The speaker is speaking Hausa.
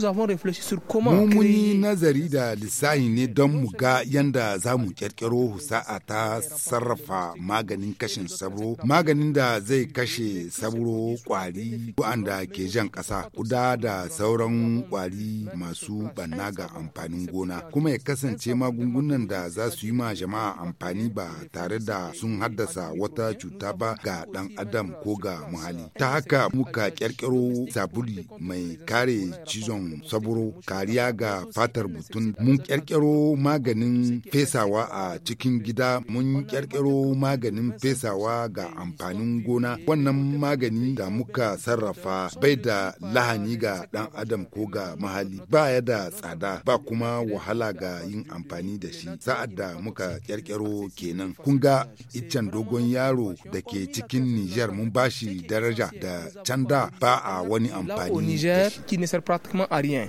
nous avons réfléchi sur comment mu mun nazari da lissahi ne don mu ga yanda za mu kirkiro husa'a ta sarrafa maganin kashin sabro maganin da zai kashe sabro kwari wa'anda ke jan ƙasa kuda da sauran kwari masu banna ga amfanin gona kuma ya kasance magungunan da za su yi ma jama'a amfani ba tare da sun haddasa wata cuta ba ga ɗan adam ko ga muhalli ta haka muka ƙirƙiro sabuli mai kare cizon saburo kariya ga fatar mutum mun kyarkyaro maganin fesawa a cikin gida mun ƙirƙiro maganin fesawa ga amfanin gona wannan magani da muka sarrafa bai da lahani ga dan adam ko ga mahali ba ya da tsada ba kuma wahala ga yin amfani da shi sa'ad da muka kyarkyaro kenan kun ga iccen dogon yaro da ke cikin Nijar mun bashi daraja da can da ba a wani amfani. da rien